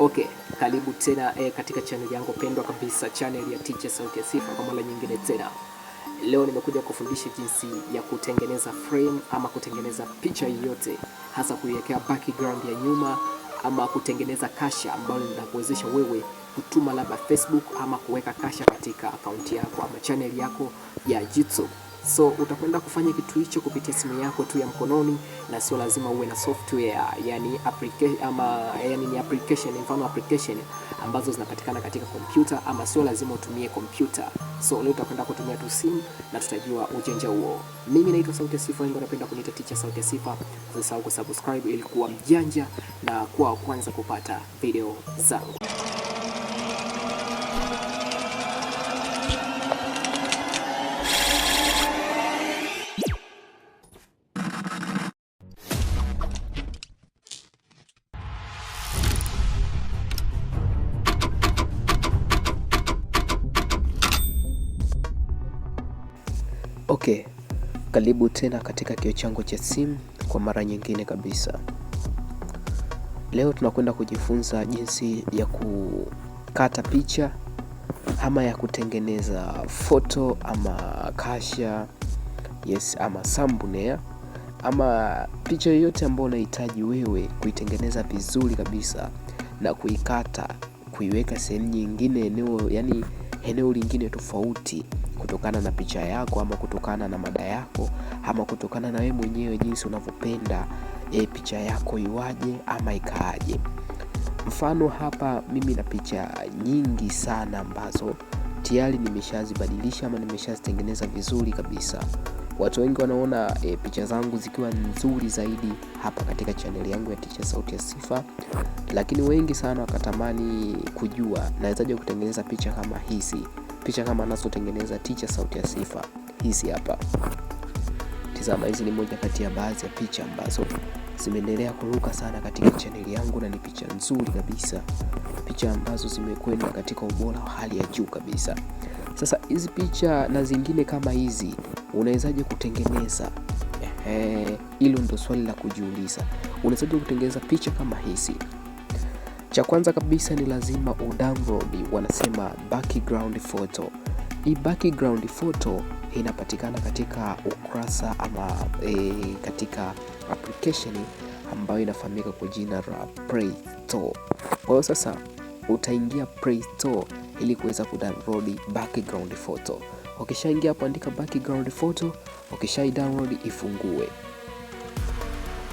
Okay, karibu tena eh, katika channel yangu pendwa kabisa, channel ya Teacher Sauti ya Sifa kwa mara nyingine tena. Leo nimekuja kufundisha jinsi ya kutengeneza frame ama kutengeneza picha yoyote, hasa kuiwekea background ya nyuma ama kutengeneza kasha ambayo linakuwezesha wewe kutuma labda Facebook ama kuweka kasha katika akaunti yako ama channel yako ya YouTube. So utakwenda kufanya kitu hicho kupitia simu yako tu ya mkononi, na sio lazima uwe na software, yani application ama yani ni application, mfano application ambazo zinapatikana katika kompyuta, ama sio lazima utumie kompyuta. So leo utakwenda kutumia tu simu na tutajua ujenja huo. Mimi naitwa Sauti ya Sifa, wengi wanapenda kuniita Teacher Sauti ya Sifa. Usisahau kusubscribe ili kuwa mjanja na kuwa wa kwanza kupata video zangu. Okay, karibu tena katika kio changu cha simu kwa mara nyingine kabisa. Leo tunakwenda kujifunza jinsi ya kukata picha ama ya kutengeneza foto ama kasha, yes, ama nea ama picha yoyote ambayo unahitaji wewe kuitengeneza vizuri kabisa na kuikata, kuiweka sehemu nyingine, eneo yani eneo lingine tofauti kutokana na picha yako ama kutokana na mada yako ama kutokana na wewe mwenyewe jinsi unavyopenda e, picha yako iwaje ama ikaaje. Mfano hapa mimi na picha nyingi sana ambazo tayari nimeshazibadilisha ama nimeshazitengeneza vizuri kabisa. Watu wengi wanaona e, picha zangu zikiwa nzuri zaidi hapa katika chaneli yangu ya Teacher Sauti ya Sifa, lakini wengi sana wakatamani kujua nawezaje kutengeneza picha kama hizi picha kama anazotengeneza Teacher Sauti ya Sifa hizi hapa. Tizama, hizi ni moja kati ya baadhi ya picha ambazo zimeendelea kuruka sana katika chaneli yangu, na ni picha nzuri kabisa, picha ambazo zimekwenda katika ubora wa hali ya juu kabisa. Sasa hizi picha na zingine kama hizi unawezaje kutengeneza? Hilo ndo swali la kujiuliza. Unawezaje kutengeneza picha kama hizi? Cha kwanza kabisa ni lazima udownload, wanasema background photo. Hii background photo inapatikana katika ukurasa ama e, katika application ambayo inafahamika kwa jina la Play Store. Kwa hiyo sasa utaingia Play Store ili kuweza kudownload background photo. Ukishaingia hapo, andika background photo, ukishai download ifungue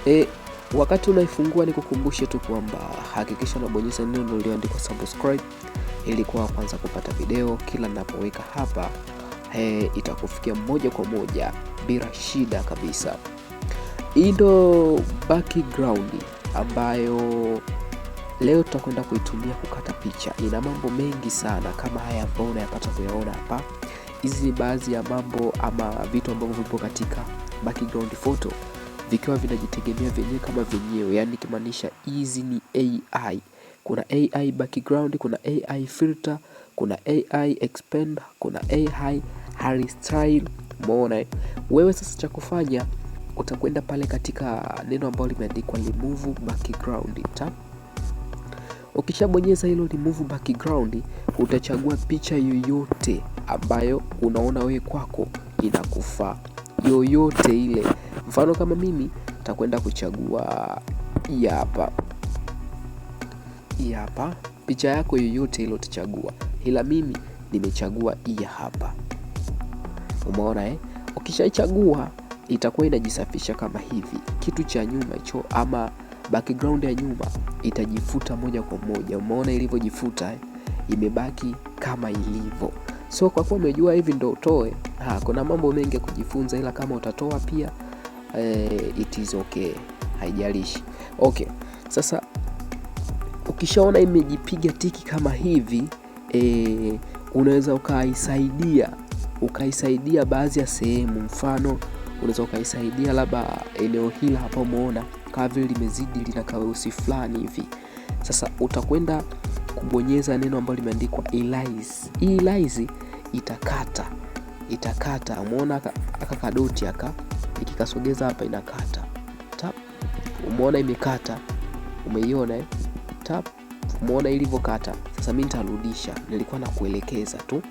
e, Wakati unaifungua ni kukumbushe tu kwamba hakikisha unabonyeza neno lililoandikwa subscribe ili kuwa kwanza kupata video kila ninapoweka hapa. He, itakufikia moja kwa moja bila shida kabisa. Hii ndo background ambayo leo tutakwenda kuitumia kukata picha. Ina mambo mengi sana kama haya ambayo unayapata kuyaona hapa. Hizi ni baadhi ya mambo ama vitu ambavyo vipo katika background photo vikiwa vinajitegemea vyenyewe kama vyenyewe, yani kimaanisha hizi ni AI. Kuna AI background, kuna AI filter, kuna AI expand, kuna AI hairstyle. Umeona wewe sasa, cha kufanya utakwenda pale katika neno ambalo limeandikwa remove background ta Ukishabonyeza hilo remove background, utachagua picha yoyote ambayo unaona wewe kwako inakufaa yoyote ile. Mfano kama mimi nitakwenda kuchagua hii hapa, hii hapa, picha yako yoyote ile utachagua, ila mimi nimechagua hii hapa. Umeona eh? Ukishaichagua itakuwa inajisafisha kama hivi, kitu cha nyuma hicho ama background ya nyuma itajifuta moja kwa moja. Umeona ilivyojifuta eh? Imebaki kama ilivyo. So kwa kuwa umejua hivi ndo utoe, ha, kuna mambo mengi ya kujifunza, ila kama utatoa pia eh, it is okay, haijalishi okay. Sasa ukishaona imejipiga tiki kama hivi eh, unaweza ukaisaidia ukaisaidia baadhi ya sehemu, mfano unaweza ukaisaidia labda eneo hili hapa, umeona kama vile limezidi lina kaweusi fulani hivi. Sasa utakwenda kubonyeza neno ambalo limeandikwa elize. Hii elize itakata itakata. Umeona aka kadoti aka nikikasogeza hapa inakata tap. Umeona imekata, umeiona eh? Tap, umeona ilivyokata. Sasa mimi nitarudisha, nilikuwa nakuelekeza tu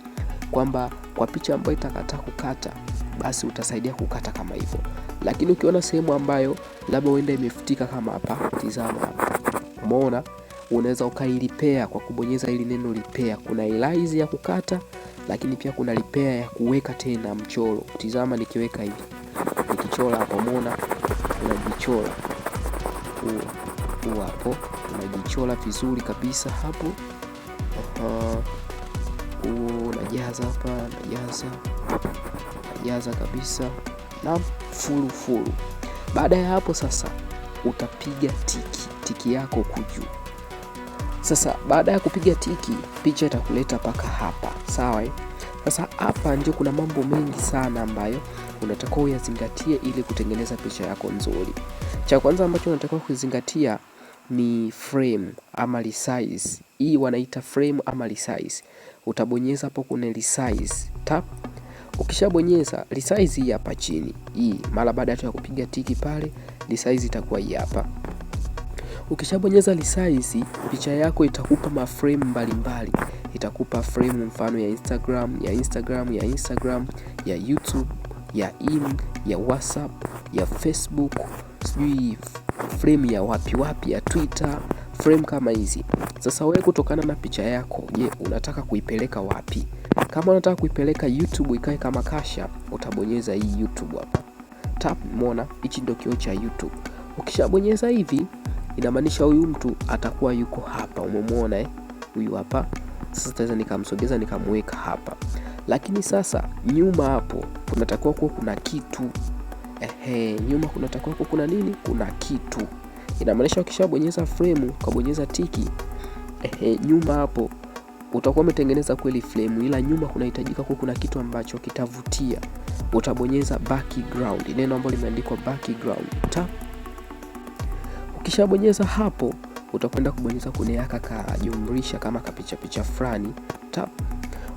kwamba kwa picha ambayo itakataa kukata basi utasaidia kukata kama hivyo, lakini ukiona sehemu ambayo labda uenda imefutika kama hapa, tizama hapa, umeona unaweza ukailipea kwa kubonyeza ili neno lipea Kuna erase ya kukata, lakini pia kuna lipea ya kuweka tena mchoro. Tizama nikiweka hivi, nikichora hapo, umeona unajichora huo hapo, unajichora vizuri kabisa hapo huo, najaza hapa, najaza najaza kabisa na furufuru. Baada ya hapo sasa utapiga tiki tiki yako kujuu sasa baada ya kupiga tiki, picha itakuleta mpaka hapa, sawa? Sasa hapa ndio kuna mambo mengi sana ambayo unatakiwa uyazingatie ili kutengeneza picha yako nzuri. Cha kwanza ambacho unatakiwa kuzingatia ni frame ama resize. Hii wanaita frame ama resize. Utabonyeza hapo kuna resize tap. Ukishabonyeza resize hii hapa chini, hii mara baada ya kupiga tiki pale, resize itakuwa hii hapa. Ukishabonyeza resize, picha yako itakupa maframe mbalimbali, itakupa frame mfano ya Instagram, ya Instagram, ya Instagram, ya YouTube, ya im, ya WhatsApp, ya Facebook, sijui frame ya wapi wapi, ya Twitter, frame kama hizi. Sasa wewe kutokana na picha yako, je, unataka kuipeleka wapi? Kama unataka kuipeleka YouTube ikae kama kasha, utabonyeza hii YouTube hapa. Tap, Mona, hichi ndio kioo cha YouTube. Ukishabonyeza hivi inamaanisha huyu mtu atakuwa yuko hapa, umemwona eh? Huyu hapa sasa, taweza nikamsogeza nikamweka hapa, lakini sasa nyuma hapo kunatakiwa kuwa kuna kitu ehe, nyuma kunatakiwa kuwa kuna nini? Kuna kitu. Inamaanisha ukishabonyeza frame ukabonyeza tiki ehe, nyuma hapo utakuwa umetengeneza kweli frame, ila nyuma kunahitajika kuwa kuna kitu ambacho kitavutia. Utabonyeza background, neno ambalo limeandikwa background, ta Ukishabonyeza hapo, utakwenda kubonyeza kwenye haka kajumlisha kama kapichapicha fulani tap.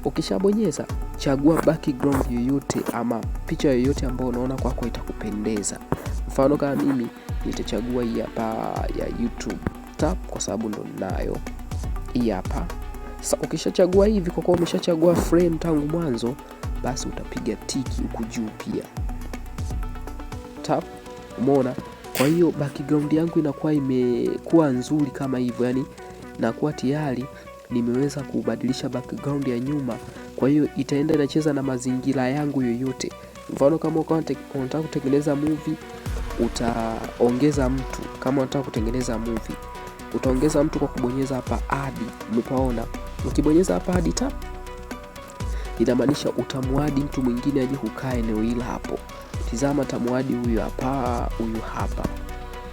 Ukishabonyeza chagua background yoyote ama picha yoyote ambayo unaona kwako itakupendeza. Mfano kama mimi nitachagua hii hapa ya YouTube tap, kwa sababu ndo ninayo hii hapa. Sasa ukishachagua hivi, kwa kuwa umeshachagua frame tangu mwanzo, basi utapiga tiki huku juu pia tap. Umeona? Kwa hiyo background yangu inakuwa imekuwa nzuri kama hivyo, yani nakuwa tayari nimeweza kubadilisha background ya nyuma, kwa hiyo itaenda inacheza na mazingira yangu yoyote. Mfano kama unataka kutengeneza movie utaongeza mtu, kama unataka kutengeneza movie utaongeza mtu kwa kubonyeza hapa add. Umepaona? Ukibonyeza hapa add tap inamaanisha utamwadi mtu mwingine aje kukaa eneo hili hapo. Tizama tamwadi huyu hapa, huyu hapa.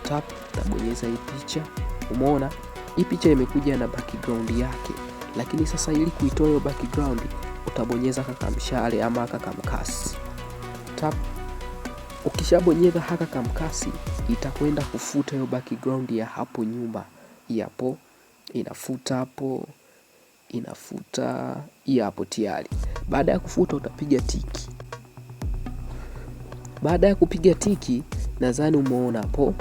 Tap, tabonyeza hii picha. Umeona hii picha imekuja na background yake, lakini sasa ili kuitoa hiyo background utabonyeza kaka mshale ama kaka mkasi. Tap. Ukishabonyeza haka kamkasi itakwenda kufuta hiyo background ya hapo nyuma, hii hapo inafuta hapo inafuta hii hapo tayari. Baada ya kufuta utapiga tiki. Baada ya kupiga tiki, nadhani umeona hapo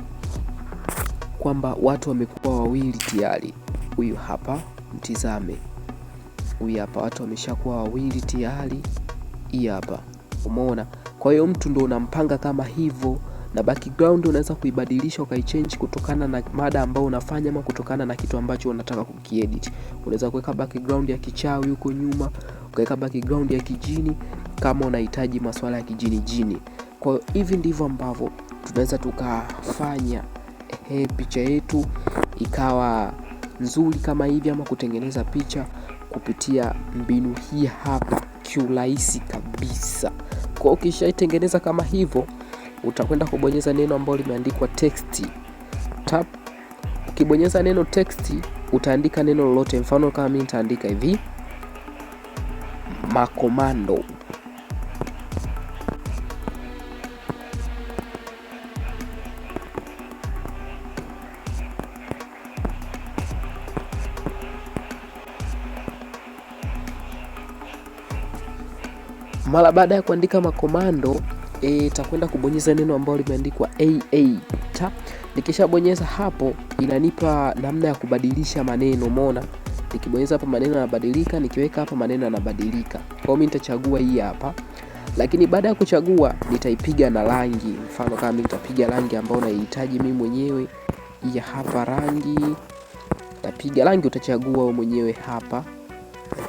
kwamba watu wamekuwa wawili tayari. Huyu hapa mtizame, huyu hapa, watu wameshakuwa wawili tayari. Hii hapa, umeona? Kwa hiyo mtu ndo unampanga kama hivyo na background unaweza kuibadilisha ukaichange kutokana na mada ambayo unafanya ama kutokana na kitu ambacho unataka kukiedit. Unaweza kuweka background ya kichawi huko nyuma, ukaweka background ya kijini kama unahitaji masuala ya kijini jini. Kwa hiyo hivi ndivyo ambavyo tunaweza tukafanya ehe, picha yetu ikawa nzuri kama hivi ama kutengeneza picha kupitia mbinu hii hapa kiurahisi kabisa. Kwa hiyo ukishaitengeneza kama hivyo utakwenda kubonyeza neno ambalo limeandikwa text tap. Ukibonyeza neno text, utaandika neno lolote. Mfano kama mimi nitaandika hivi makomando Mara baada ya kuandika makomando itakwenda e, kubonyeza neno ambalo limeandikwa AA ta. Nikishabonyeza hapo inanipa namna ya kubadilisha maneno. Umeona, nikibonyeza hapa maneno yanabadilika, nikiweka hapa maneno yanabadilika. Kwa hiyo mimi nitachagua hii hapa, lakini baada ya kuchagua nitaipiga na rangi. Mfano kama mimi nitapiga rangi ambayo naihitaji mimi mwenyewe, hii hapa rangi tapiga rangi, utachagua wewe mwenyewe hapa.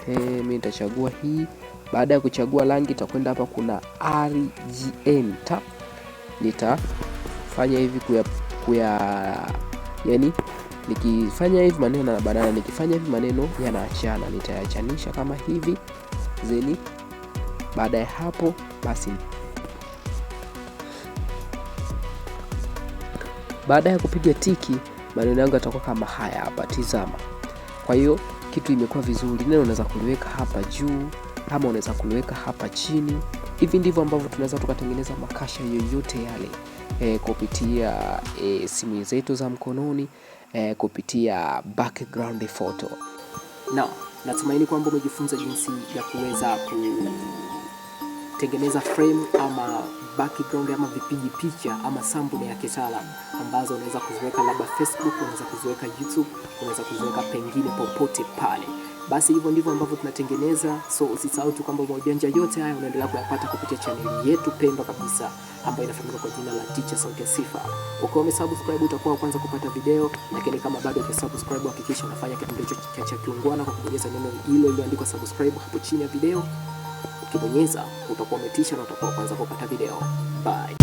Ehe, mimi nitachagua hii. Baada ya kuchagua rangi, itakwenda hapa kuna RGM ta nitafanya hivi kuya, kuya yani nikifanya hivi maneno na banana, nikifanya hivi maneno yanaachana, nitayachanisha kama hivi zeni. Baada ya hapo basi, baada ya kupiga tiki, maneno yangu yatakuwa kama haya hapa, tizama. Kwa hiyo kitu imekuwa vizuri, neno unaweza kuliweka hapa juu ama unaweza kuliweka hapa chini. Hivi ndivyo ambavyo tunaweza tukatengeneza makasha yoyote yale e, kupitia e, simu zetu za mkononi e, kupitia background photo. Na natumaini kwamba umejifunza jinsi ya kuweza kutengeneza frame ama background ama vipiji picha ama sample ya kitaalam ambazo unaweza kuziweka labda Facebook, unaweza kuziweka YouTube, unaweza kuziweka pengine popote pale. Basi hivyo ndivyo ambavyo tunatengeneza, so usisahau tu kwamba maujanja yote haya unaendelea kuyapata kupitia chaneli yetu pendwa kabisa ambayo inafahamika kwa jina la Teacher Sauti ya Sifa. Ukiwa umesubscribe utakuwa kwanza kupata video, lakini kama bado hujasubscribe hakikisha unafanya kitendo hicho cha kiungwana kwa kubonyeza neno hilo lililoandikwa subscribe hapo chini ya video. Ukibonyeza utakuwa umetisha na utakuwa kwanza kupata video. Bye.